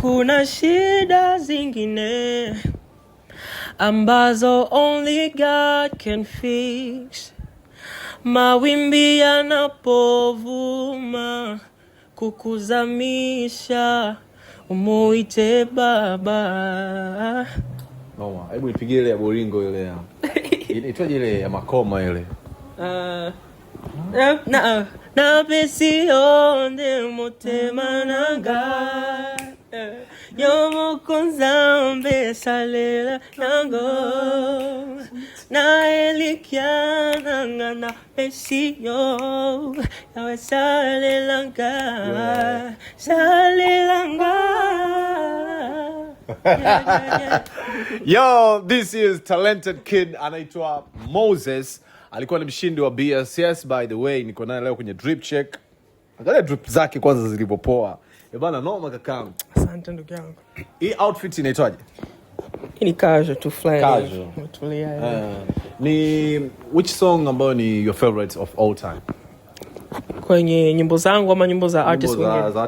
kuna shida zingine ambazo only God can fix. Mawimbi yanapovuma kukuzamisha, umuite Baba. Noma, hebu nipigie ile ya boringo ile ya inaitwaje ile ya makoma ile uh, eh, na na na na, na, na, na kuzambe salela nango na naelikiana ngana pesiyo yawe salelanga salelanga Yo, this is talented kid anaitwa Moses. Alikuwa ni mshindi wa BSS by the way, niko naye leo kwenye drip check. Angalia drip zake kwanza zilivyopoa. ebana eh, noma kakangu. Asante ndugu yangu. Hii outfit inaitwaje? Ni casual tu fly. Casual. Umetulia. Uh, ni which song ambayo ni your favorite of all time? Kwenye nyimbo zangu ama nyimbo za artist wengine?